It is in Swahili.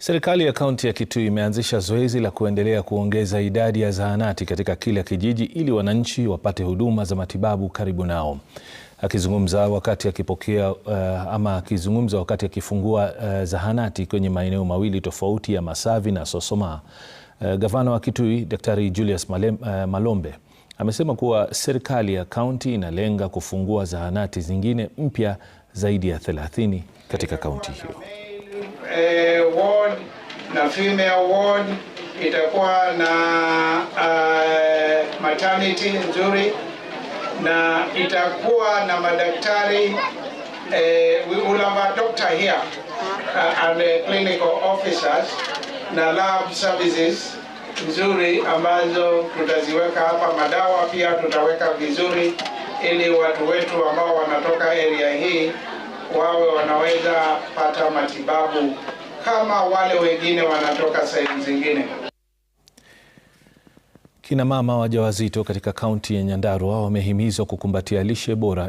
Serikali ya kaunti ya Kitui imeanzisha zoezi la kuendelea kuongeza idadi ya zahanati katika kila kijiji ili wananchi wapate huduma za matibabu karibu nao. Akizungumza wakati akipokea uh, ama akizungumza wakati akifungua uh, zahanati kwenye maeneo mawili tofauti ya Masavi na Sosoma, uh, gavana wa Kitui Daktari Julius Malem, uh, Malombe amesema kuwa serikali ya kaunti inalenga kufungua zahanati zingine mpya zaidi ya 30 katika kaunti hiyo na female ward itakuwa na uh, maternity nzuri na itakuwa na madaktari eh, we will have a doctor here uh, and uh, clinical officers na lab services nzuri ambazo tutaziweka hapa. Madawa pia tutaweka vizuri, ili watu wetu ambao wanatoka area hii wawe wanaweza pata matibabu kama wale wengine wanatoka sehemu zingine. Kina mama wajawazito katika kaunti ya Nyandarua wamehimizwa kukumbatia lishe bora.